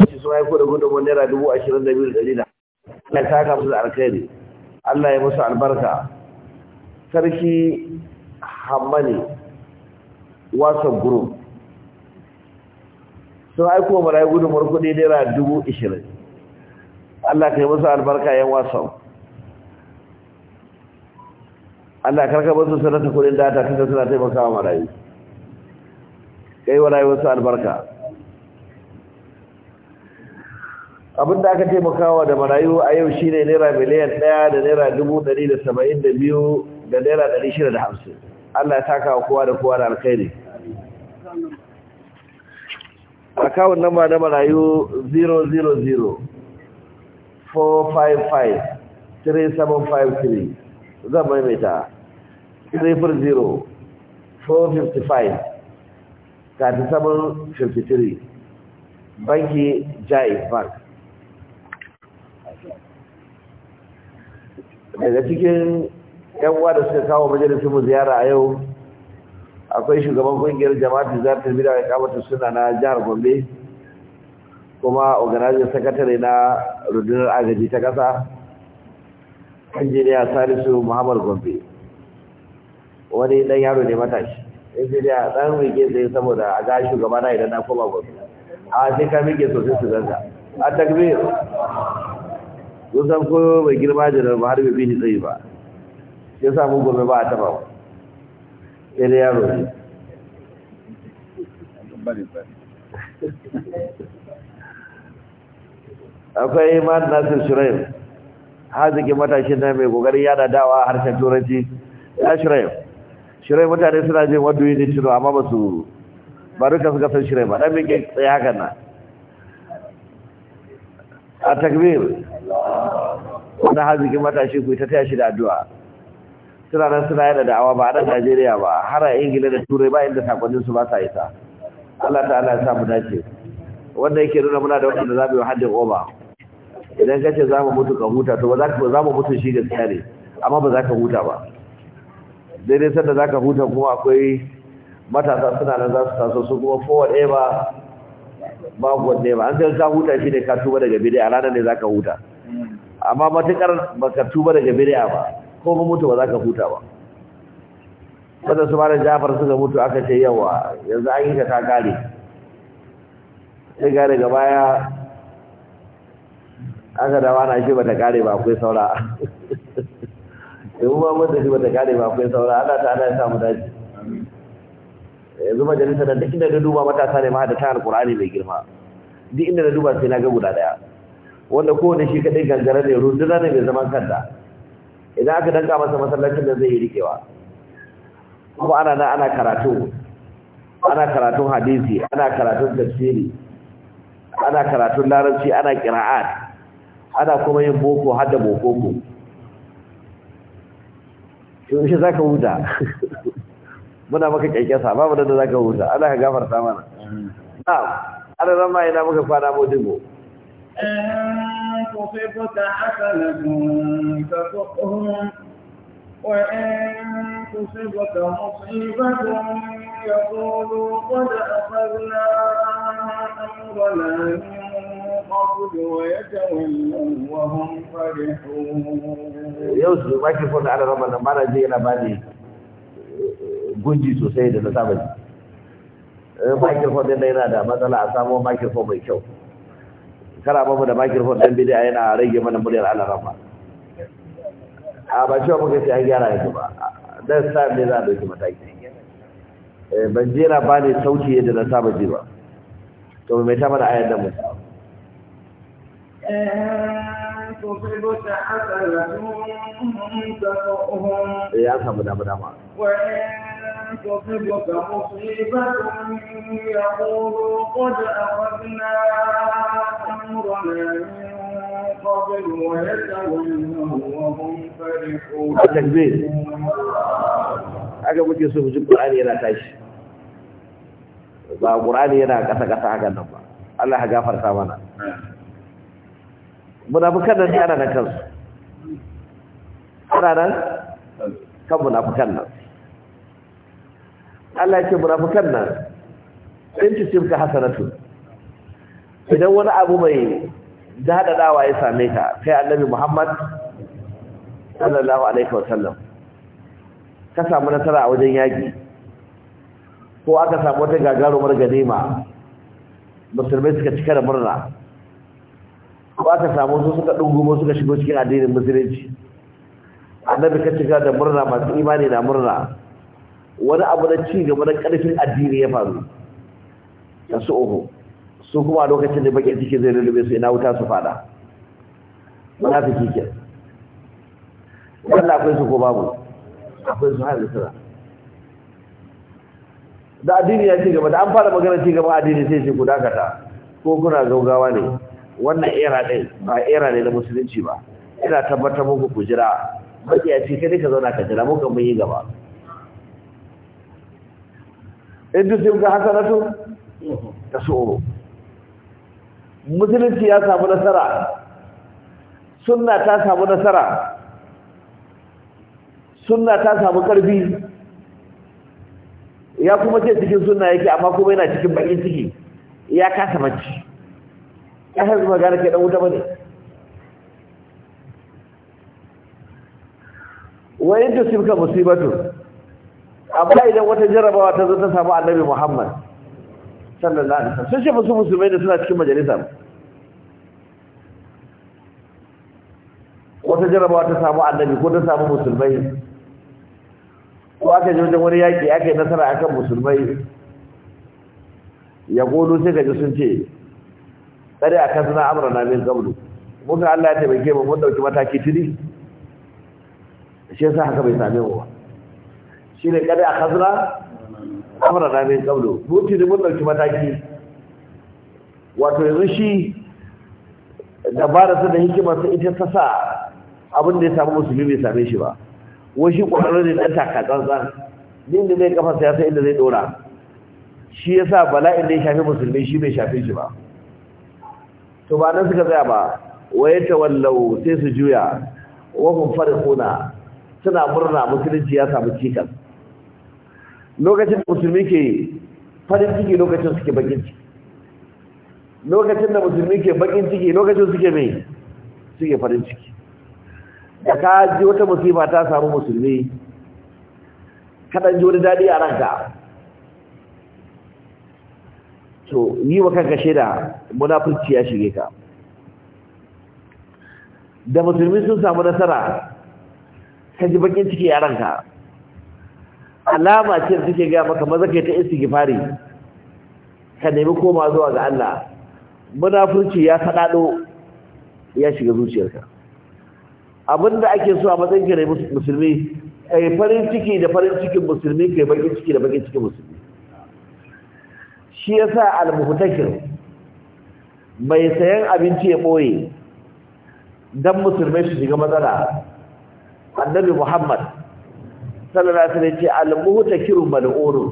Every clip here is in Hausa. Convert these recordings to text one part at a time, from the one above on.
wasu sun haiko da gudunmu naira dubu ashirin da biyu da dalila na Allah ya saka musu da alkhairi Allah ya musu albarka sarki hammani wasan guru sun haiko marayu gudunmuwar kuɗi naira dubu ashirin Allah ka yi musu albarka yan wasan Allah karka musu sanata kudin data tunda suna taimakawa marayu kai wa rayuwarsu albarka abin da aka taimakawa da marayu a yau shi ne naira miliyan ɗaya da naira dubu ɗari da saba'in da biyu da naira ɗari shida da hamsin allah ya taka wa kowa da kowa da alkhairi akawun namba na marayu 000 455 3753 zan maimaita 300 455 3753 banki jai bank daga cikin yan uwa da suka kawo majalisun mu ziyara a yau akwai shugaban kungiyar jama'atu za ta bida ya kamata suna na jihar Gombe kuma organizer secretary na rundunar agaji ta kasa injiniya Salisu Muhammad Gombe wani dan yaro ne matashi injiniya dan rike sai saboda a ga shugaba na idan na koma Gombe a sai ka mike sosai su ganga a takbir kun san ko mai girma da ba har bai fi tsayi ba ya samu gobe ba a taba ba sai da yaro ne akwai iman nasir shirayim haziki matashin na mai ƙoƙarin yada dawa harshen turanci ya shirayim shirayim mutane suna jin wadda yi ne cino amma ba su baruka suka san shuraim ba ɗan mikin tsaye hakan na a takbir har jikin matashi ku ta taya shi da addu'a suna nan suna yana da'awa ba a nan najeriya ba har a ingila da turai ba inda sakonnin su ba sa isa allah ta'ala ya samu dace wanda yake nuna muna da wanda za mu yi haddin oba idan ka ce za mu mutu ka huta to ba za mu mutu shi gaskiya ne amma ba za ka huta ba daidai sanda za ka huta kuma akwai matasa suna nan za su taso su kuma forward ɗaya ba babu wanne ba an sai ka huta shi ne ka tuba daga bidai a ranar ne za ka huta amma matukar baka tuba daga bid'a ba ko ba mutu ba za ka huta ba wanda su malam Jafar suka mutu aka ce yawa yanzu an yi ka ta kare sai ga daga baya aka dawa na shi bata kare ba akwai saura yau ba mutu shi bata kare ba akwai saura Ana ta ana ya samu daji yanzu majalisa da duk inda da duba matasa ne ma da ta alqur'ani mai girma duk inda da duba sai na ga guda daya wanda kowane shi kaɗai gangara ne runduna ne mai zaman kanta idan aka danka masa masallacin da zai yi rikewa kuma ana nan ana karatu ana karatun hadisi ana karatun tafsiri ana karatun larabci ana kira'at ana kuma yin boko har da bokoko to shi zaka huta muna maka kyakkyasa babu da zaka huta Allah ka gafarta mana na'am ana zama ina muka fara mu dubo تصبت حسنة تفقهم وإن تصبت مصيبة يقولوا قد أخذنا أمرنا Yau su baki fona ala rama na mara je yana bani eh, gunji sosai da na saba ji. Baki eh, fona yana da matsala a samu baki mai kyau. kara babu da microphone dan bid'a yana rage mana muryar Allah rafa a ba shi muka sai an gyara yake ba dan sa ne za a doki mataki eh ban jera ba ne sauki yadda na saba ji ba to me ta mana ayar da mu تصبت حسنة تسؤهم وإن تصبك مصيبة يقولوا قد أخذنا أمرنا من قبل ويتولوا وهم فرحون التكبير muke so mutum Qur'ani yana tashi ba Qur'ani yana ƙasa kasa haka nan ba Allah ya gafarta mana munafikan nan ana nan kansu ana nan kan munafikan nan Allah ya ce munafikan nan in tusibka hasanatu idan wani abu mai daɗaɗawa ya same ka kai annabi muhammad sallallahu alaihi wasallam ka samu nasara a wajen yaƙi ko aka samu wata gagarumar ganima musulmai suka cika da murna ko aka samu su suka ɗungumo suka shigo cikin addinin musulunci annabi ka cika da murna masu imani na murna wani abu na ci gaba na ƙarfin addini ya faru da su uhu su kuma a lokacin da bakin ciki zai lullube su ina wuta su fada munafiki ke wanda akwai su ko babu akwai su har da da addini ya ci gaba da an fara magana ci gaba addini sai shi ku ko kuna gaugawa ne wannan era ɗai ba era ne na musulunci ba ina tabbatar muku ku jira baki ya ce kai ka zauna ka jira muka mun yi gaba in duk sun ga hasanatu ta su'uru musulunci ya samu nasara sunna ta samu nasara sunna ta samu ƙarfi ya kuma ce cikin sunna yake amma kuma yana cikin bakin ciki ya kasa mace ya hanzu magana ke dan wuta bane wa in tusibka musibatu amma idan wata jarabawa ta zo ta samu annabi Muhammad sallallahu alaihi wasallam sun ce musu musulmai da suna cikin majalisa wata jarabawa ta samu annabi ko ta samu musulmai ko aka yi wajen wani yaƙi aka yi nasara akan musulmai ya gudu sai gaji sun ce tsari a na amra na min gabdu muka Allah ya taimake mu mun dauki mataki tuni shi yasa haka bai same mu ba shi ne kada a na amra na min gabdu mun tuni mun dauki mataki wato yanzu shi dabararsa da hikimarsa ita ta sa abin da ya samu musulmi bai same shi ba wai shi ƙwararren ne ɗan taka tsantsan din da zai kafa siyasa inda zai ɗora shi ya sa bala'in da ya shafi musulmi shi bai shafi shi ba to ba nan suka tsaya ba waye wallau sai su juya wahun farikuna suna murna musulunci ya samu cikas lokacin da musulmi ke farin ciki lokacin suke bakin ciki lokacin da musulmi ke bakin ciki lokacin suke mai suke farin ciki da ka ji wata musifa ta samu musulmi kadan ji wani daɗi a ranka to yi wa kanka shaida munafurci ya shige ka da musulmi sun samu nasara ka ji bakin ciki a ranka alama ce da suke gaya maka maza kai ta istighfari ka nemi koma zuwa ga Allah munafurci ya faɗaɗo ya shiga zuciyarka abinda ake so a matsayin ka ne musulmi kai farin ciki da farin cikin musulmi kai bakin ciki da bakin cikin musulmi shi yasa al-muhtakir mai sayan abinci ya boye dan musulmai su shiga matsala annabi Muhammad sallallahu alaihi wasallam ce al-muhtakiru mal'un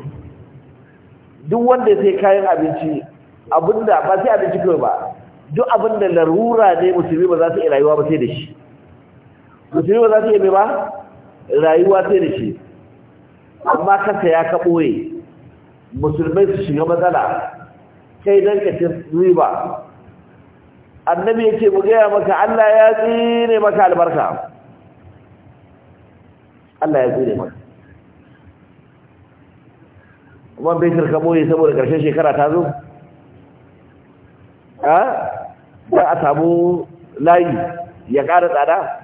duk wanda sai kayan abinci abinda ba sai abinci kawai ba duk abinda larura ne musulmi ba za su iya rayuwa ba sai da shi musulmi ba za ta yi ba rayuwa sai da shi amma kasa ya ka ɓoye musulmai su shiga matsala kai don ka riba annabi ya ce mu gaya maka Allah ya tsine maka albarka Allah ya tsine maka kuma bai ka ɓoye saboda ƙarshen shekara ta zo a ba a samu layi ya ƙara tsada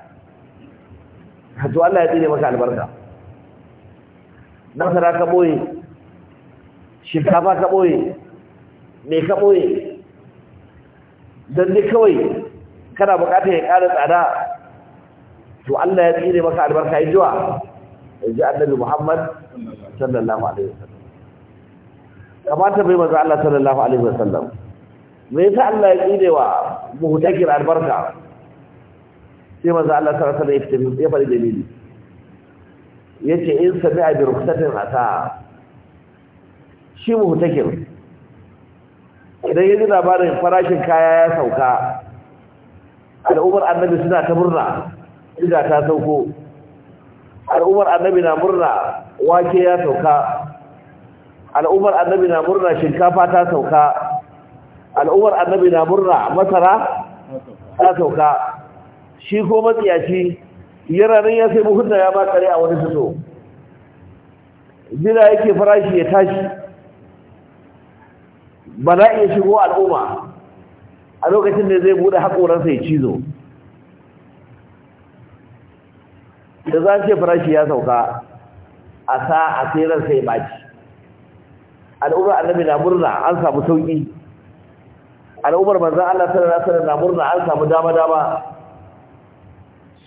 to Allah ya tsire maka albarka nasara ka boye shinkafa ka boye me ka boye dan ne kawai kana bukatar ya ƙara tsada to Allah ya tsire maka albarka ya jiwa ji annabi Muhammad sallallahu alaihi wasallam kamata bai maza Allah sallallahu alaihi wasallam me yasa Allah ya tsire wa muhtakir albarka sai maza Allah sallallahu alaihi wasallam ya fara dalili Ya ce in sami bi rukhsatin ata shi muhtakim idan yaji labarin farashin kaya ya sauka al'ummar annabi suna ta murna diga ta sauko al'ummar annabi na murna wake ya sauka al'ummar annabi na murna shinkafa ta sauka al'ummar annabi na murna masara ta sauka shi ko matsiyaci yana nan ya sai buhunna ya ba kare a wani fito jira yake farashi ya tashi ba za iya shigo al'umma a lokacin da zai bude haƙoransa ya cizo da za ce farashi ya sauka a sa a sai ransa ya baci al'ummar annabi na murna an samu sauƙi al'ummar manzan Allah sanar alaihi sanar na murna an samu dama dama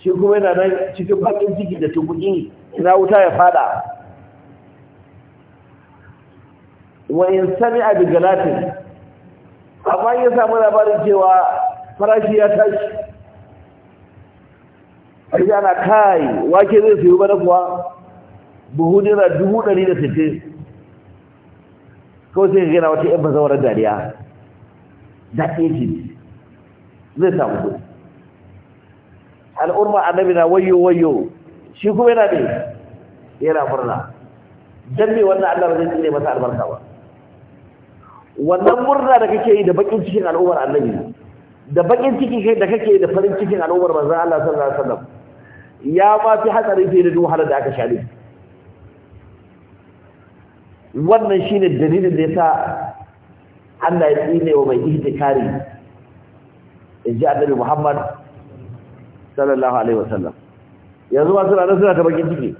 shi kuma yana nan cikin bakin ciki da tubuki ina wuta ya fada wa in sami'a Abi galatin amma ya samu labarin cewa farashi ya tashi sai ana kai wake zai sayo bana kuwa buhu naira dubu ɗari da sittin kawai sai ka gina wata yan bazawarar dariya da ɗaya ne. zai samu kuɗi al'umma annabi na wayo wayo shi kuma yana ne yana murna dan me wannan Allah ba zai tsine masa albarka ba wannan murna da kake yi da bakin cikin al'ummar annabi da bakin cikin kai da kake da farin cikin al'ummar manzon Allah sallallahu alaihi wasallam ya ma fi hatsari fiye da duk halar da aka sha wannan shine dalilin da yasa Allah ya tsine wa mai ihtikari inji annabi Muhammad sallallahu alaihi wasallam yanzu ba su ranar suna ta bakin ciki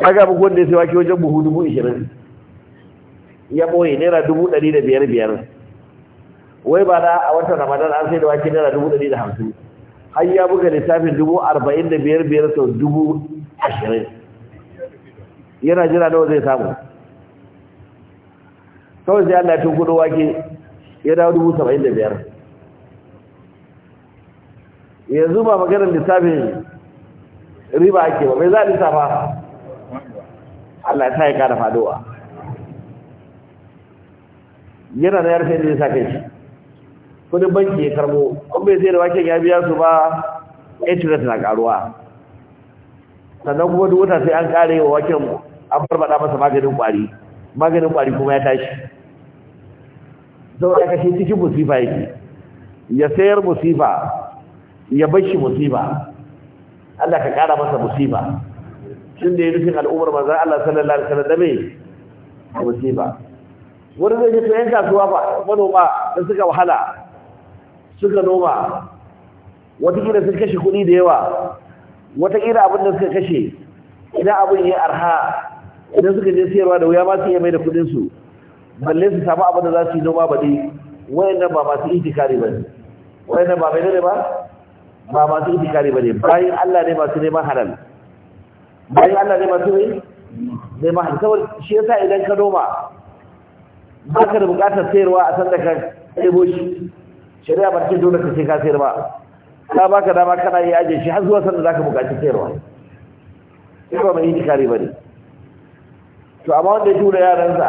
kaga muku wanda ya sai wake wajen buhu dubu ishirin ya boye naira dubu ɗari da biyar biyar wai ba da a watan ramadan an sai da wake naira dubu ɗari da hamsin har ya buga lissafin dubu arba'in da biyar biyar sau dubu ashirin yana jira nawa zai samu kawai sai Allah ya tun kudo wake ya dawo dubu saba'in da biyar yanzu ba maganar lissafin riba ake ba mai za a lissafa Allah ta yi kada fadowa yana na yarfe da sa kai shi kudin banki ya karbo an bai zai da wakil ya biya su ba interest na karuwa sannan kuma duk wata sai an kare wa waken an farbada masa maganin kwari maganin kwari kuma ya tashi sau ya kashe cikin musifa yake ya sayar musifa ya bar shi musiba Allah ka kara masa musiba tun da ya nufin al'ummar manzan Allah sallallahu alaihi wasallam da mai musiba wani zai fito yan kasuwa ba manoma da suka wahala suka noma kira sun kashe kuɗi da yawa kira abin da suka kashe idan abin ya arha idan suka je siyarwa da wuya ma su iya mai da kuɗinsu balle su samu abin da za su yi noma ba dai wayannan ba masu itikari ba ne wayannan ba mai dare ba ba masu itikari ba ne bayan Allah ne masu neman halal bayan Allah ne masu neman halal saboda shi yasa idan ka noma ba ka da bukatar sayarwa a sanda ka ɗebo shi shari'a ba ce dole ka ce ka sayar ba ka ka dama kana yi ajiye shi har zuwa sanda za ka bukaci sayarwa sai ba mai itikari ba ne to amma wanda ya tura yaransa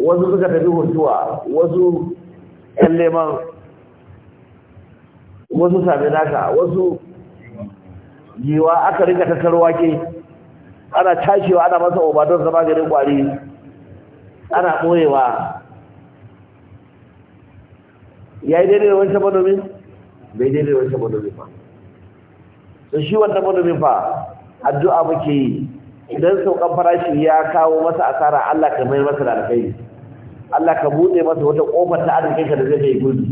wasu suka tafi hutuwa wasu ƴan leman wasu sami naka wasu jiwa aka rika tattar wake ana tashiwa ana masa obadon zama garin kwari ana ɓoyewa ya yi daidai da wancan manomin bai daidai da wancan manomin ba su shi wannan manomin ba addu'a muke yi idan saukan farashi ya kawo masa asara Allah ka mai masa da alkhairi Allah ka buɗe masa wata ƙofar ta arzikin ka da zai kai gudu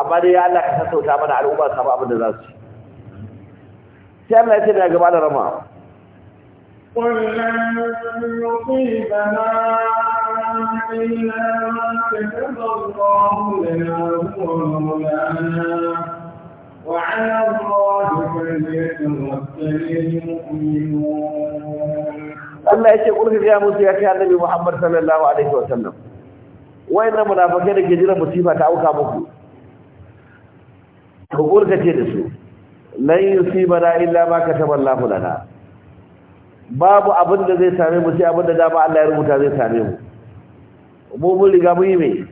amma dai ya Allah ka sassauta mana al'umma samu abin da za su sai Allah ya ce daga gaba da rama Allah ya ce ƙurfi ya musu ya kai annabi Muhammad sallallahu alaihi wa sallam wayannan munafikai da ke jira musifa ta auka muku hukul ka ce da su lan yusibana illa ma kataba Allahu lana babu abin da zai same mu sai abin da dama Allah ya rubuta zai same mu mu mun riga mun yi mai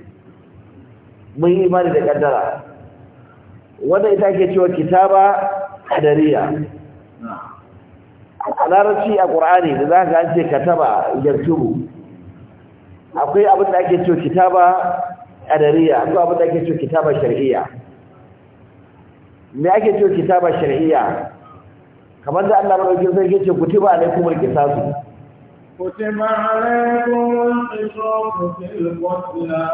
mun yi imani da kaddara wanda ita ke cewa kitaba a larabci a qur'ani da za ka an ce kataba yartubu akwai abin da ake cewa kitaba qadariya akwai abin da ake cewa kitaba shar'iyya me ake cewa kitaba shar'iyya kamar da Allah madaukakin sarki yace kutiba alaikumul qisasu kutiba alaikumul qisasu fil qatla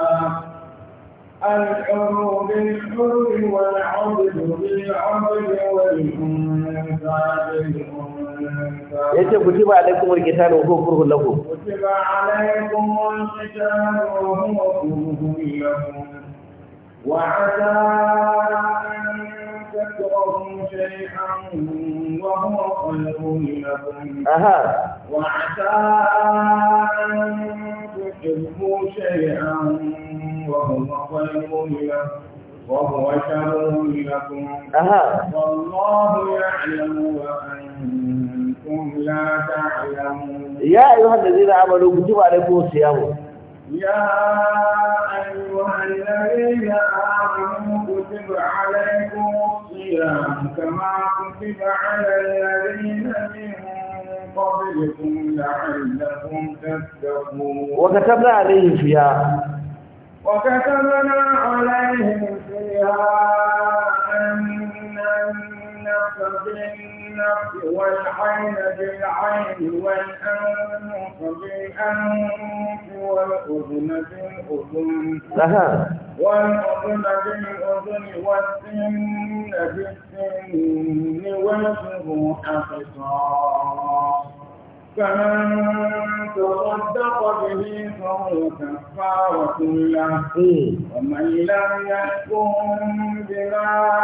الحر بالحر والعبد بالعبد والأنثى بالأنثى يجب كتب عليكم القتال وهو كره لكم كتب عليكم القتال وهو كره لكم وعسى أن Ya ayyuhan da zai da ba kutuba da kuma siyamu. يا أيها الذين آمنوا كتب عليكم الصيام كما كتب على الذين من قبلكم لعلكم تتقون وكتبنا عليهم فيها وكتبنا عليهم فيها أن النفس بالنفس والعين بالعين والأنف بالأنف والأذن بالأذن والأذن بالأذن والسن بالسن والجروح قصاص فمن تصدق به فهو كفارة له ومن لم يحكم بما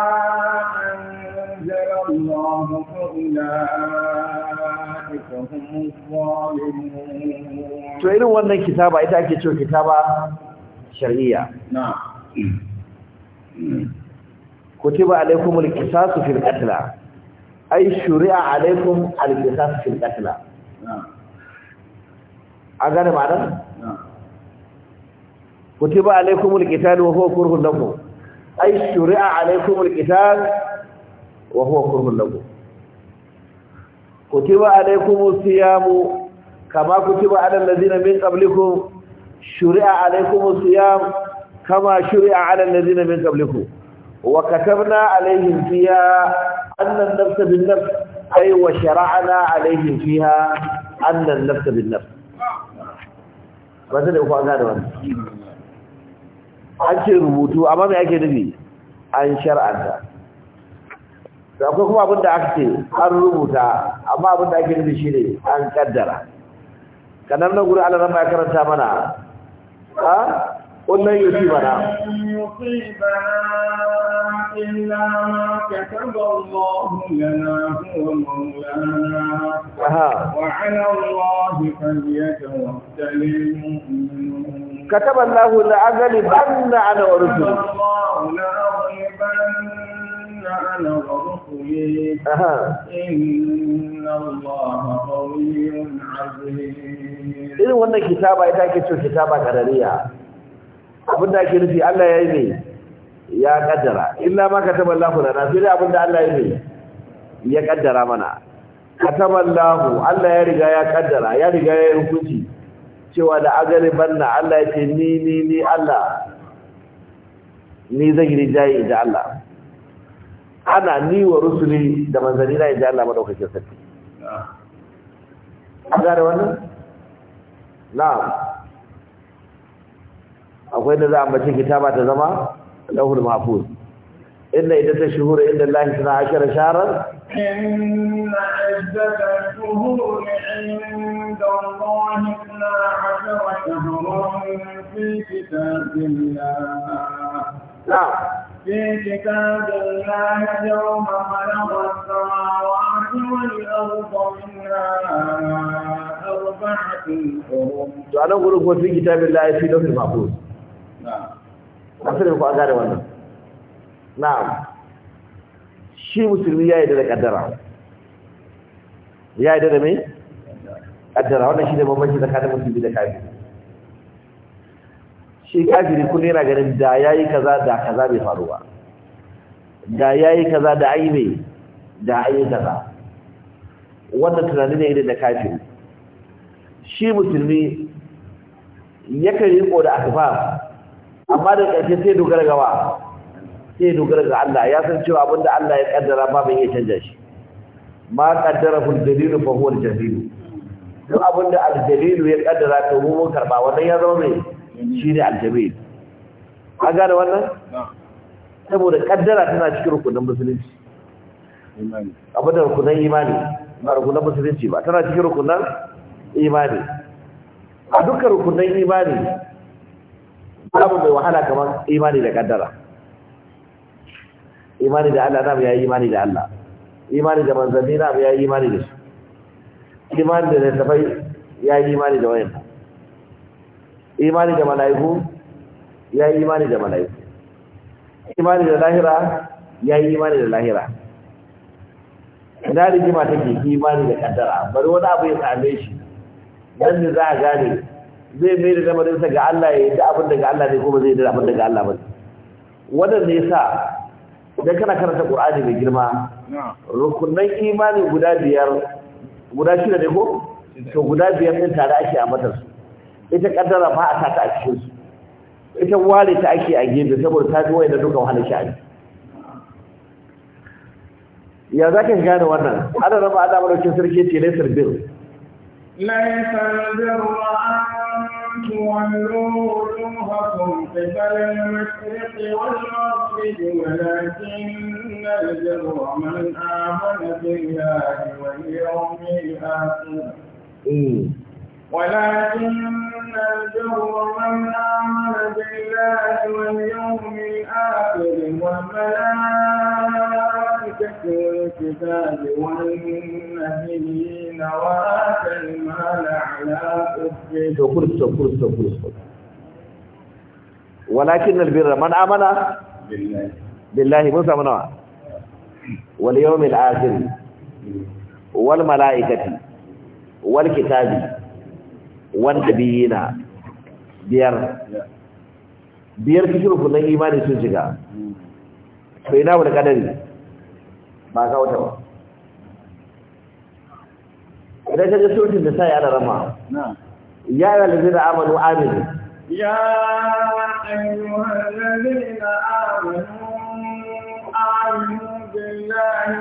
أنزل أنزل الله فأولئك هم الظالمون to irin wannan kitaba ita ake cewa kitaba shar'iyya na'am kutiba alaikumul qisasu fil qatl ay shuri'a alaikum al qisasu fil qatl na'am an gane ma'anar kutiba alaikumul qital wa huwa kurhun lakum shuri'a wa huwa kurhun lakum kutiba alaykumus siyamu kama kutiba alal ladina min qablikum shuri'a alaykumus siyam kama shuri'a alal ladina min qablikum wa katabna alayhim fiha anna an-nafsa bin wa shara'na alayhim fiha anna an an ce rubutu amma mai ake nufi an shara'anta. da akwai kuma abinda aka ce an rubuta amma abinda ake nufi shine an kaddara kanan na guri Allah rama ya karanta mana ha wannan yusi bana كتب الله لنا هو مولانا وعلى كتب الله لأغلبن أنا ورسلي كتب Irin wannan kitaba ita عزيز إذن kitaba karariya إذا كتو كتابة abinda nufi Allah ya yi ne ya kaddara illa ma kataba Allahu lana sai abinda Allah ya yi ya kaddara mana kataba Allahu Allah ya riga ya kaddara ya riga ya yi hukunci cewa da agaliban banna Allah ya ce ni ni ni Allah ni zan yi da Allah ana ni wa rusuli da manzanni na inji Allah madaukakin sarki an gane wannan Na. akwai da za a mace kitaba ta zama lahul mahfuz inna ta shuhura inda Allah 12 shahran inna iddatash shuhur inda Allah 12 shahran fi kitabillah Na. في كتاب الله يوم خلق السماوات والأرض منها أربعة حرم. أنا أقول في كتاب الله في لوح المحفوظ. نعم. أصل ku an gane wannan. Na Shi musulmi ya yi da kaddara. Ya yi mai? Kaddara wannan shi ne bambanci tsakanin musulmi da shi kafiri kun yana ganin da yayi kaza da kaza bai faru ba da yayi kaza da ayi mai da ayi kaza wannan tunani ne idan da kafiri shi musulmi ya kare ko da akfar amma da ƙarshe sai dogara gawa sai dogara ga Allah ya san cewa abinda Allah ya kaddara ba bai iya canja shi ma qaddarahu Dalilu dalil fa huwa al jadid duk abinda al dalilu ya kaddara to mu mun karba wannan ya zama mai shi ne aljabir a gane wannan saboda kaddara tana cikin rukunin musulunci A bada rukunan imani ba rukunan musulunci ba tana cikin rukunan imani a dukkan rukunan imani abu mai wahala kamar imani da kaddara imani da Allah na ya yi imani da Allah imani da manzanni na ya yi imani da su imani da littafai ya yi imani da wayanta. imani da mala'iku ya yi imani da mala'iku imani da lahira ya yi imani da lahira ina rigima take imani da kaddara bari wani abu ya same shi nan ne za a gane zai mai da lamarinsa ga Allah ya yi da abin daga Allah ne ko ba zai yi da abin daga Allah ba wannan ne yasa idan kana karanta Qur'ani mai girma rukunan imani guda biyar guda shida ne ko to guda biyar din tare ake a matarsu ita kaddara ba a sata a cikin su ita ware ta ake a gefe saboda ta fi wayar duka a sha'ani ya za ka gane wannan ana raba ana maraukin sarki ce laisar bil laisar wani ولكن البر من آمن بالله واليوم الآخر والملائكة والكتاب والنبيين وآتى المال على حبه ولكن البر من آمن بالله بالله من سمنا واليوم الآخر والملائكة والكتاب wanda biyina biyar biyar cikin rukunan imani sun shiga to ina wani kadari ba ka wata ba idan ka ji sojin da sai ana rama ya yi lalazina amalu amini ya ayyuhar lalazina aminu aminu billahi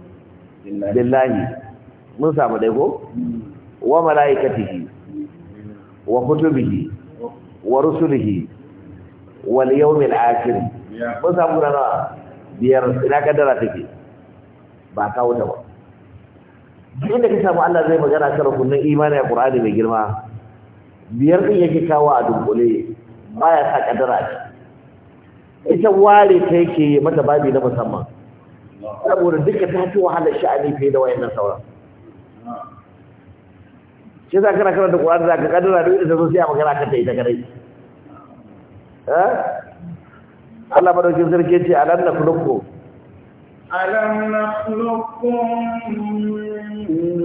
lillahi mun samu dai ko hmm. wa malaikatihi wa kutubihi oh. wa rusulihi wal yawmil akhir mun samu rana biyar ina kaddara take ba kawo ta ba inda ka samu Allah zai magana kan rukunin imani a Qur'ani mai girma biyar din yake kawo a dubule baya sa kaddara ita ware ta yake mata babi na musamman saboda duka ta fi wahalar sha'ani fiye da wayan nan sauran shi za ka karanta ƙwararra za ka ƙadara da ita zo sai a magana ka ta ita kadai eh? Allah madaukin sarki ce a na kulukku a na kulukku ma'in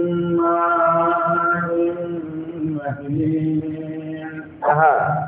mahin aha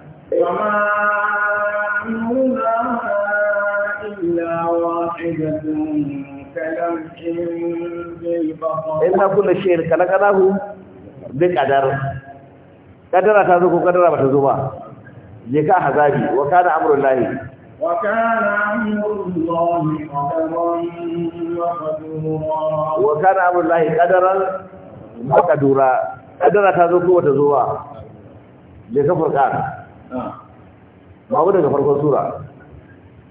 Ina kuna shi kana kana hu bi kadar kadara ta zo ko kadara ba ta zo amrul lahi wa amrul lahi qadaran amrul lahi qadaran wa qadura kadara ta zo ko ta zo ba je ba daga farkon sura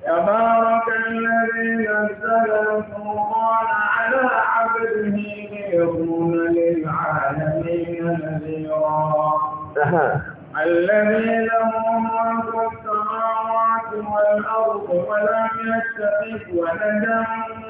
ya fara kallari da tsarar kuma ala abin ne ya kuma lalari Allah ne da mummun kusurawa kuma al’arku wadannan ya ce wadannan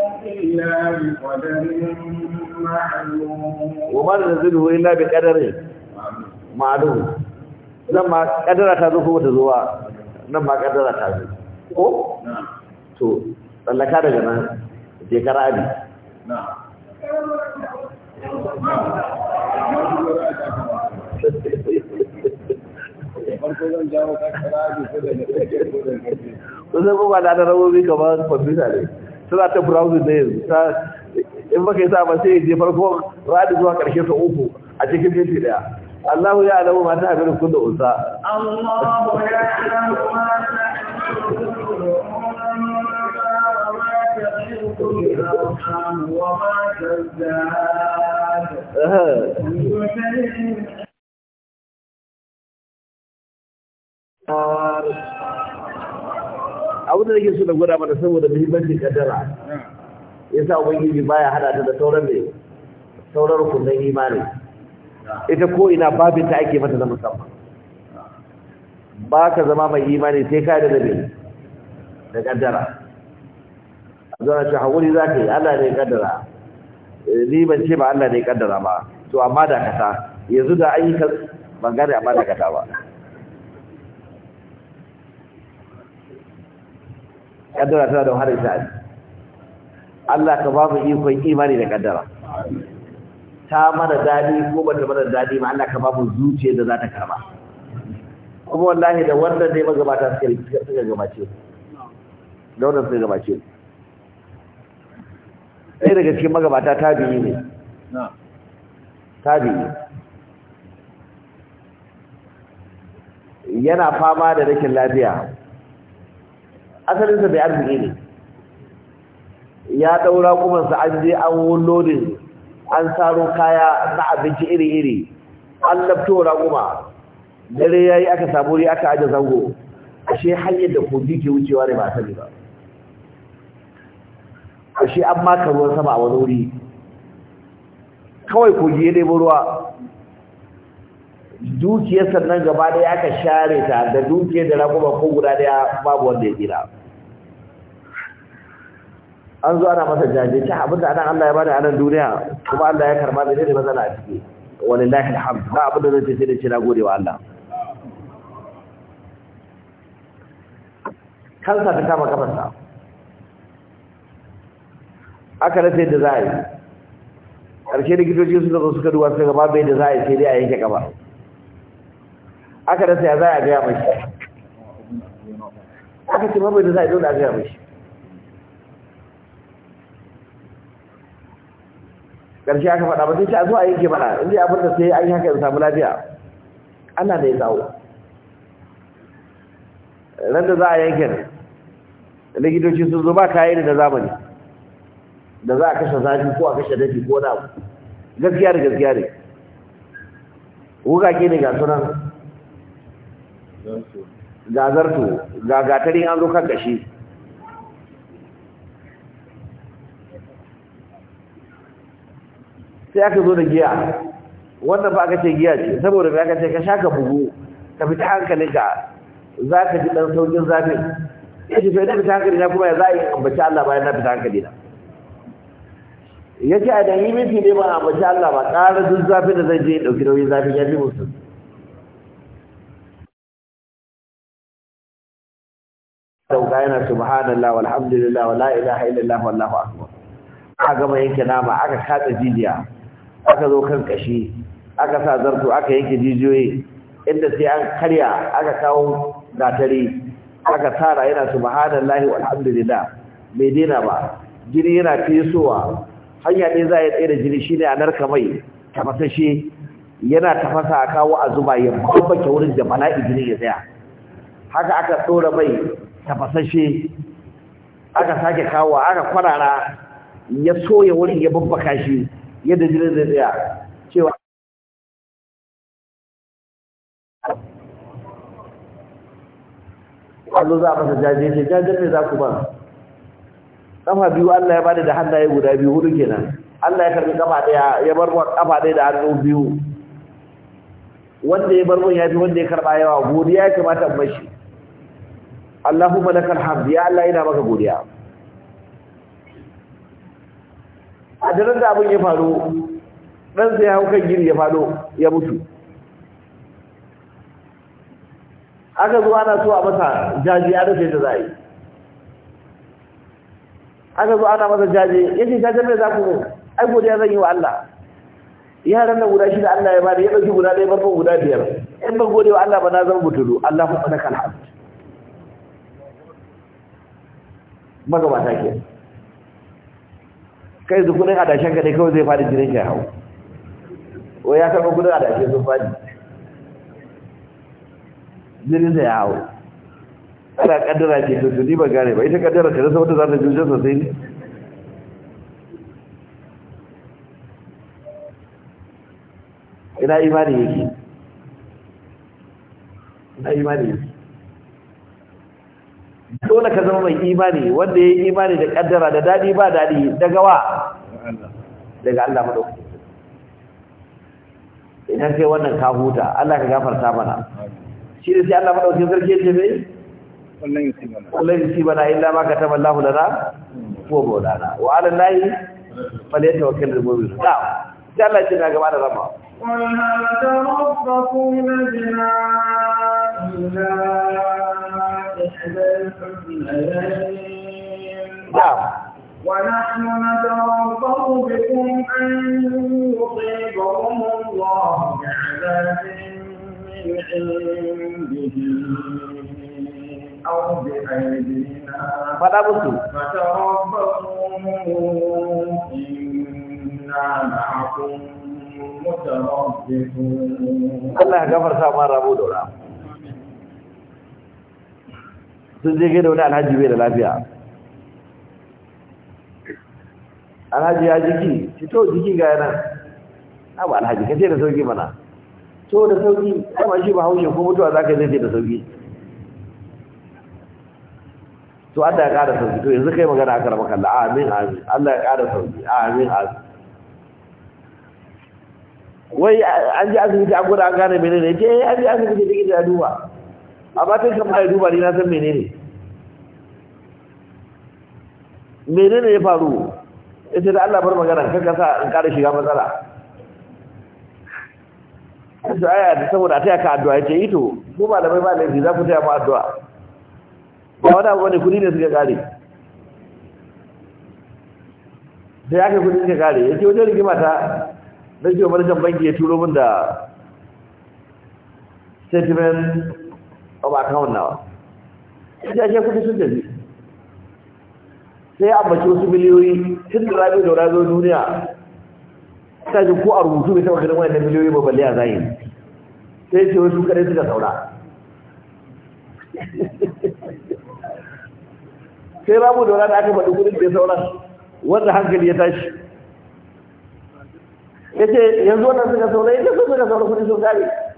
إلا da معلوم وما ننزله إلا بقدر معلوم لما قدر تذوه وتذوى لما قدر تذوه ko? to tsallaka daga nan je karabi kusan kuma da na rabobi kamar kwamfuta ne tana ta browsing da yanzu ta in baka yi sa ba sai je farko radi zuwa karshe ta uku a cikin minti daya Allah ya alamu ma ta hamilu kun da usa Allah ya alamu ma ta وما تزداد abin da nake so da gwada mana saboda muhimmancin kaddara yasa ubangiji baya hada ta da sauran ne sauran rukunin imani ita ko ina babin ta ake mata zama musamman ba ka zama mai imani sai ka da dabe da kaddara zana ce hakuri za ka yi Allah ne kaddara eh, ni ban ce ba Allah ne kaddara ba to amma da kasa yanzu da ayyukan ban gane amma da kasa ba kaddara tana da wahalar sha'ani Allah ka ba mu ikon imani da kaddara ta mana dadi ko ba ta mana dadi ma Allah ka ba mu zuciyar da za ta karba kuma wallahi da wannan dai magabata suka suka gabace da wannan suka gabace ɗaya daga cikin magabata ta biyu ne tabi'i yana fama da rikin lafiya asalinsa bai arziki ne ya daura kumansa an je an wullodin an saro kaya na abinci iri-iri an lafto raguma dare ya yi aka samu aka aje zango ashe hanyar da kogi ke wucewa ne ba sani ba ashe an maka ruwan sama a wani wuri kawai kogi ya nemo ruwa dukiyar sannan gaba da ya ka share ta da dukiyar da raguma ko guda daya babu wanda ya tsira an zo ana masa jaje ta abinda anan Allah ya bada anan duniya kuma Allah ya karba da dai matsala a ciki wallahi alhamd ba abinda zan ce sai da ce na gode wa Allah kansa ta kama kafarsa aka rasa da za a yi da likitoci suka zo suka duwa suka gaba bai da za a yi sai dai a yanke kafa aka rasa ya za a gaya mashi aka ce mabai da za a yi dole a gaya mashi karshe aka faɗa ba sai ce a zuwa yake yanke faɗa inda ya da sai an yi haka ya samu lafiya ana da ya tsawo ran da za a yanke ne likitoci sun zo ba kayan da zamani da za a kashe zafi ko a kashe dafi ko da gaskiya da gaskiya ne wugage ne ga sunan ga zarto ga gatarin an zo kan gashi sai aka zo da giya wannan ba aka ce giya ce saboda ba aka ce ka sha ka bugu ka fita ka za ka ji ɗan saukin zafin ya ce fai na fita hankali na kuma ya za a yi ambaci Allah bayan na fita hankali na ya ce a da yi minti ne ba ambaci Allah ba ƙara duk zafin da zai je ɗauki nauyin zafin ya fi musu dauka yana subhanallah walhamdulillah wala ilaha illallah wallahu akbar a gama yanke nama aka katsa jijiya aka zo kan kashi aka sa zarto aka yanke jijiyoyi inda sai an karya aka kawo gatari aka tara yana subhanallahi walhamdulillah bai dina ba jini yana fesowa hanya ne za a yi tsaye da jini shine a narka mai tafasashe yana tafasa a kawo a zuba ya babbake wurin da bala'i jini ya tsaya haka aka tsora mai tafasashe aka sake kawo aka kwarara ya soya wurin ya babbaka shi yadda jirgin zai tsaya cewa allo za a fasa jaje ce jajen ne za ku ba kafa biyu Allah ya bada da hannaye guda biyu hudu kenan Allah ya karbi kafa daya ya bar kafa daya da hannu biyu wanda ya bar mun ya fi wanda ya karba yawa godiya ya kamata mashi allahu malakar lakal ya Allah ina maka godiya a daren da abin ya faru ɗansa ya hau kan gini ya faru ya mutu aka zo ana so a masa jaje a rufe da za a yi aka zo ana masa jaje ya ce jaje mai za ku ai godiya zan yi wa Allah yaran nan guda shida Allah ya bada ya ɗauki guda ɗaya barfan guda biyar in ban gode wa Allah ba na zama butulu Allah kuma na kalhamd magabata kenan kai zu kudin adashen ka ne kawai zai fadi jirin ka hau wai ya karɓa kudin adashen sun fadi jirin sa ya hau ana kaddara ce to tuni ba gane ba ita kaddara ta rasa wata za ta jujjar sosai ne ina imani yake ina imani yake dole ka zama mai imani wanda ya yi imani da kaddara da daɗi ba daɗi daga wa daga Allah madaukakin idan kai wannan ka huta Allah ka gafarta mana shi da sai Allah madaukakin sarki ce ne? wallahi yusibana wallahi yusibana illa ma kataba Allah lana ko na wa ala ta wakilin mu'minun da sai Allah ce na gaba da rama qul ta tarabbasu lana illa الحسنيين ونحن نتربص بكم أن يصيبهم الله بعذاب من عنده أو بأيدينا فتربصوا إنا معكم متربصون الله يغفر سامر أبو دولاب sun je gaida wani alhaji bai da lafiya alhaji ya jiki shi to jiki ga yana na ba alhaji ka da sauki mana to da sauki kama shi ba haushe ko mutuwa za ka zai da sauki to Allah ya ƙara sauki to yanzu kai magana aka rama kalla amin amin Allah ya ƙara sauki amin amin wai an ji asibiti an gwada an gane menene ce eh, an ji asibiti da ke da duba amma kai kan ya duba ni na san menene menene ya faru ita da Allah bar magana kan kasa in kare shiga matsala su aya da saboda ta yaka addu'a ya ce ito ko ba da bai ba laifi za ku taya mu addu'a ba wani abu ne kudi ne suka kare ya kai kudi suka kare ya ce wajen rigima ta na ce wa banki ya turo min da sentiment ba ba ka wannawa jaje kudi sun tafi sai ya ambaci wasu miliyoyi tun da rabi da rabi duniya ta ji ko a rubutu bai taɓa wani miliyoyi ba balle a zai sai ce wasu kare da saura sai rabu da rana aka faɗi kudin da ya wanda hankali ya tashi ya ce yanzu wannan suka saura ya ce sun suka saura kudin sun kare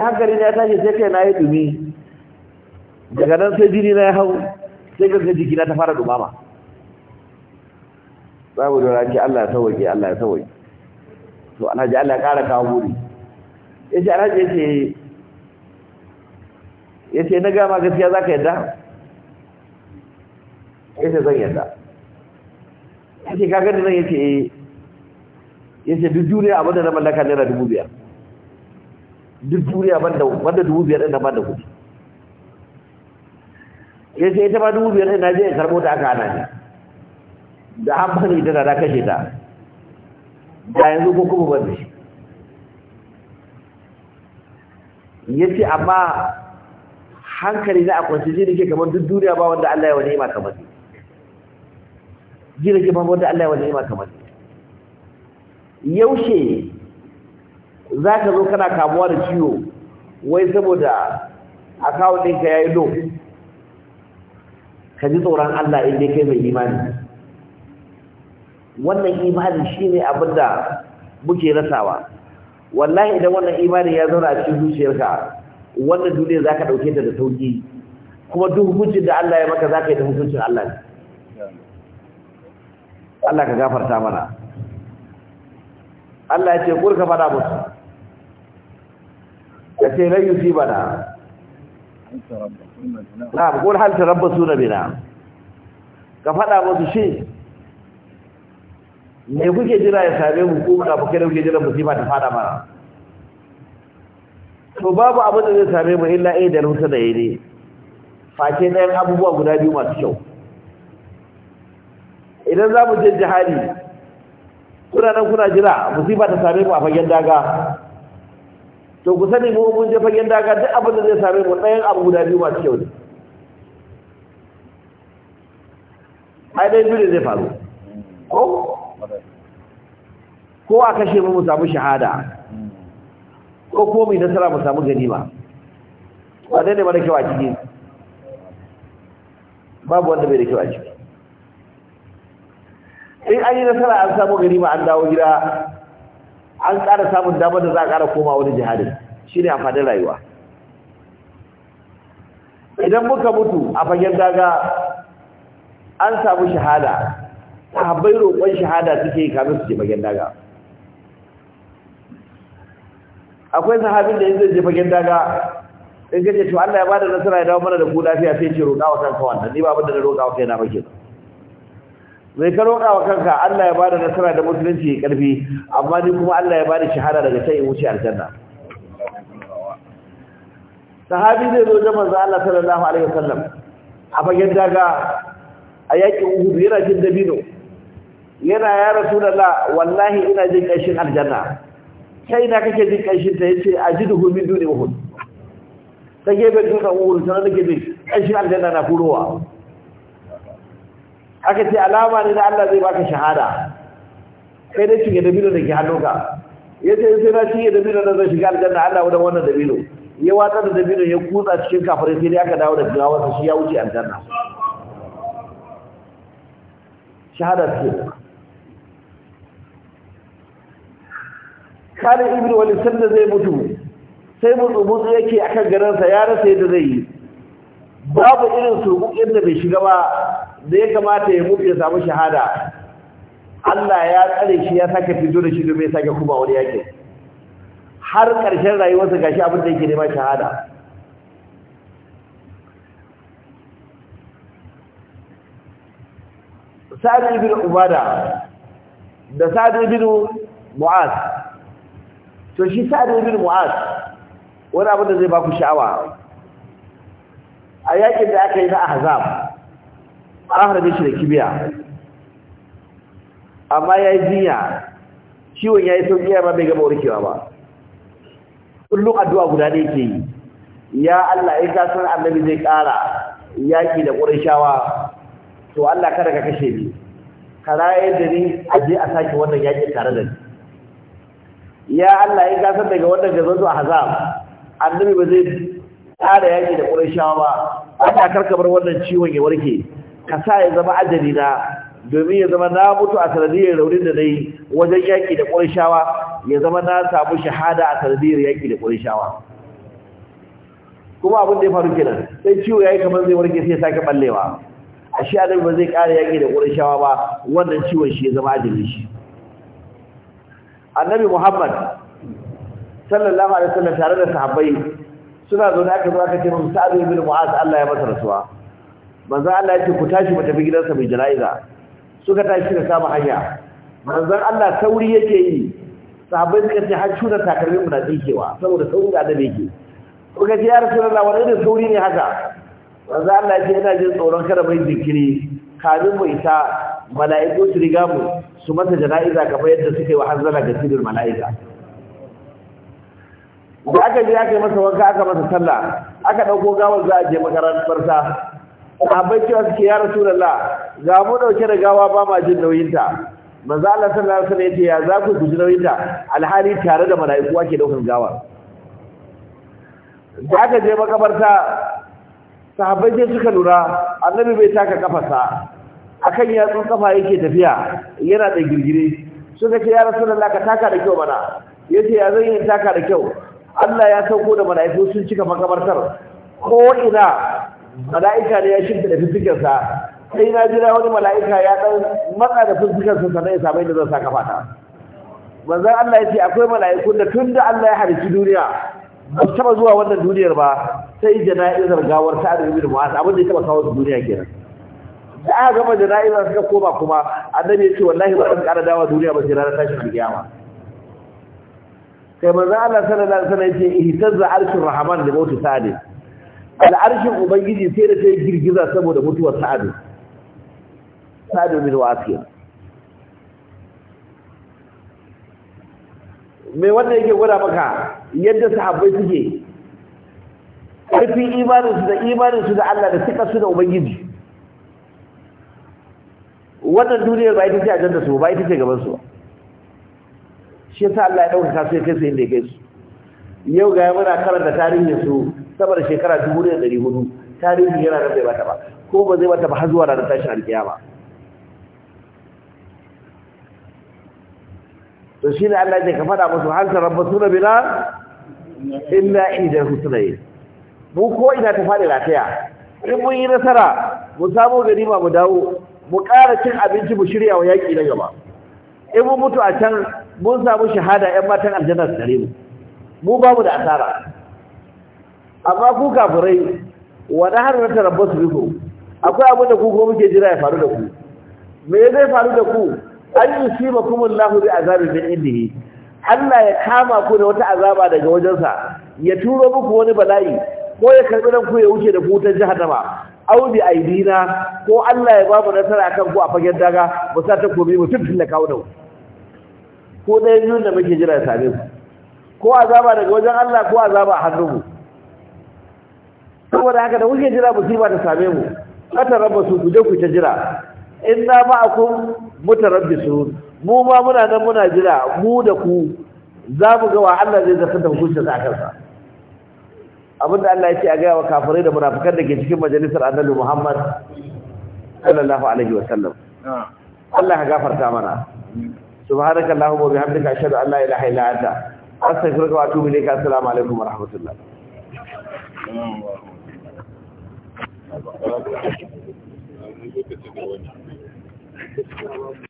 hankali na ya tashi sai kai na yi dumi daga nan sai jini na ya hau sai ka jiki na ta fara dumama babu da raki Allah ya sauke Allah ya sauke to ji Allah ya kara kawo buri yace alhaji ya ce na ga ma gaskiya zaka yadda ce zan yadda yace kaga da eh. ya ce duk duniya abinda da na mallaka naira dubu biyar duk duniya banda banda dubu biyar din da banda kuɗi sai sai ita ma dubu biyar din na je in karɓo ta aka ana ne da an bani ita da na kashe ta da yanzu ko kuma ban shi ya ce amma hankali na a kwanci ji nake kamar duk duniya ba wanda Allah ya wani ima kamar ne ke ba wanda Allah ya wani ima kamar yaushe za ka zo kana kamuwa da ciwo wai saboda a ɗinka ya yi lo ka ji tsoron Allah inda kai mai imani wannan imanin shi ne abin da muke rasawa wallahi idan wannan imanin ya zauna a cikin zuciyarka wannan duniya za ka ɗauke ta da sauƙi kuma duk hukuncin da Allah ya maka za ka yi ta hukuncin Allah ne Allah ka gafarta mana Allah ya ce kurka fada musu yace ce yusi bana na kul hal tarabbasu na bina ka faɗa musu shi me kuke jira ya same mu ko ka kuke kuke jira musiba ta fada mana to babu abin da zai same mu illa ai da rusa da yayi face abubuwa guda biyu masu kyau idan za mu je jihadi kuna nan kuna jira musiba ta same mu a fagen daga to ku sani mu mun je fagen daga duk abin da zai same mu ɗayan abu guda biyu masu kyau ne ai dai biyu zai faru ko ko a kashe mu mu samu shahada ko ko mu nasara mu samu ganima ba dai ne mara kyau a ciki babu wanda bai da kyau a ciki in an yi nasara an samu ganima an dawo gida an ƙara samun damar da za a ƙara koma wani jihadin shi ne amfanin rayuwa idan muka mutu a fagen daga an samu shahada sahabbai roƙon shahada suke yi kamar su je fagen daga akwai sahabin da yanzu je fagen daga in gaje to Allah ya bada nasara ya dawo mana da ku lafiya sai ce roƙa wa kanka wannan ni ba abin da na roƙa wa kaina ba kenan mai ka roƙa wa kanka Allah ya bada nasara da musulunci ya karfi amma ni kuma Allah ya bada shahara daga sai in wuce aljanna sahabi zai zo da manzo Allah sallallahu alaihi wasallam a fagen daga a yakin Uhud yana jin dabino yana ya rasulullah wallahi ina jin kashin aljanna kai na kake jin kashin ta yace ajiduhu min duni Uhud ta gefe dutsen Uhud sanar da jin kashin aljanna na furowa aka ce alama ne na Allah zai baka shahada kai dai shige da bilo da ke ka ya ce sai na shige da bilo na zai shiga aljanna Allah wadan wannan da bilo ya watsar da dabino ya kutsa cikin kafirai sai dai aka dawo da gawarsa shi ya wuce aljanna shahada ce kare ibnu wani sanda zai mutu sai mutu mutu yake akan garinsa ya rasa yadda zai yi babu irin surgukin da bai shiga ba da ya kamata ya mutu ya samu shahada Allah ya tsare shi ya sake fito da shi domin ya sake kuma wani yake har ƙarshen rayuwarsa shi abin da yake neman shahada sa'adu ibn Ubada da sa'adu ibn Mu'az to shi sa'adu ibn Mu'az wani abin da zai ba ku sha'awa a yakin da aka yi na Ahzab an harbe shi da kibiya amma ya yi jinya ciwon ya yi sauƙi amma bai gaba warkewa ba kullum addu'a guda ne ke yi ya Allah ya ka san annabi zai ƙara yaƙi da ƙurashawa to Allah kada ka kashe ni ka rayar da ni a je a sake wannan yaƙi tare da ni ya Allah ya ka san daga wannan gazon zuwa hazam annabi ba zai ƙara yaƙi da ƙurashawa ba Allah karka bar wannan ciwon ya warke ka sa ya zama ajali na domin ya zama na mutu a sanadiyar raunin da dai wajen yaƙi da ƙunshawa ya zama na samu shahada a sanadiyar yaƙi da ƙunshawa kuma abin da ya faru kenan sai ciwo ya yi kamar zai warke sai ya sake ballewa a shi annabi ba zai ƙara yaƙi da ƙunshawa ba wannan ciwon shi ya zama ajali shi annabi muhammad sallallahu alaihi wasallam tare da sahabbai suna zaune aka zo aka ce musu sa'ad ibn mu'az Allah ya masa rasuwa manzan Allah ya ce ku tashi mu tafi gidansa mai jana'iza suka tashi suka samun hanya manzan Allah sauri yake yi sahabbai suka ce har cuta takalmin mu na tsikewa saboda sauri da adam yake suka ce ya da wani irin sauri ne haka manzan Allah ya ce yana jin tsoron kada mai jinkiri kamin mu isa mala'iku su riga mu su masa jana'iza kamar yadda suka yi wa hanzala ga sidin mala'iza. da aka je aka yi masa wanka aka masa sallah aka ɗauko gawar za a je makarantar sa sahabbai cewa suke ya rasulullah ga mu dauke da gawa ba ma jin ta manzo Allah sallallahu alaihi wasallam yace ya za ku guji ta. alhali tare da mala'iku ake daukan gawa da ka je makabarta sahabbai sai suka lura annabi bai taka kafasa akan tsun kafa yake tafiya yana da girgire suka ce ya rasulullah ka taka da kyau bana yace ya zan yi taka da kyau Allah ya sauko da mala'iku sun cika makabartar ko ina mala'ika ne ya da fuskarsa sai na jira wani mala'ika ya dan matsa da fuskarsa sannan ya samu inda zan sa kafata. ta manzon Allah ya ce akwai mala'iku da tun da Allah ya halicci duniya ba su taɓa zuwa wannan duniyar ba sai jana'izar gawar ta da ibnu mu'az abin da ya taɓa kawo duniya kenan da aka gama jana'izar suka koma kuma annabi ya ce wallahi ba zan kara dawa duniya ba sai ranar tashin kiyama kai manzo Allah sallallahu alaihi wasallam yace ihtazza arshur rahman li mautu sadi al'arshin ubangiji sai da ta girgiza saboda mutuwar sa'adu sa'adu min wasiya mai wanda yake gwada maka yadda sahabbai suke ƙarfin imaninsu da imaninsu da Allah da suka su da ubangiji wannan duniyar ba ita ce ajanda su ba ita ce gaban su shi sa Allah ya dauka kasu ya kai su inda ya kai su yau ga muna karanta tarihin su saboda shekara dubu da hudu tarihi yana nan bai bata ba ko ba zai bata ba har zuwa ranar tashin alkiyama to shine Allah ya ka fada musu rabbu tarabbasuna bila illa idan yi. mu ko ina ta fadi lafiya in mun yi nasara mu samu ganima mu dawo mu ƙara cin abinci mu shirya wa yaƙi na gaba in mun mutu a can mun samu shahada 'yan matan aljanna su gare mu mu ba mu da asara amma ku kafirai wani har na su biko akwai abin da ku ko muke jira ya faru da ku me zai faru da ku an kuma kumullahu bi azabin min indihi Allah ya kama ku da wata azaba daga wajensa ya turo muku wani bala'i ko ya karbi nan ku ya wuce da ku ta jahannama ba audi aidina ko Allah ya bamu nasara akan ku a fagen daga mu sa ta kobi mu tuffin da kawo da ko dai yun da muke jira ya same ku ko azaba daga wajen Allah ko azaba a hannunmu saboda haka da muke jira musiba ta same mu kata rabba su ku je ku ta jira in na ma akum mutarabbisun mu ma muna nan muna jira mu da ku za mu ga wa Allah zai zaka da hukuncin sa kansa abinda Allah ya ce a ga wa kafirai da munafikan da ke cikin majalisar Annabi Muhammad sallallahu alaihi wa sallam Allah ya gafarta mana subhanaka allahumma wa bihamdika ashhadu an la ilaha illa anta astaghfiruka wa atubu ilayka assalamu alaikum wa rahmatullah wani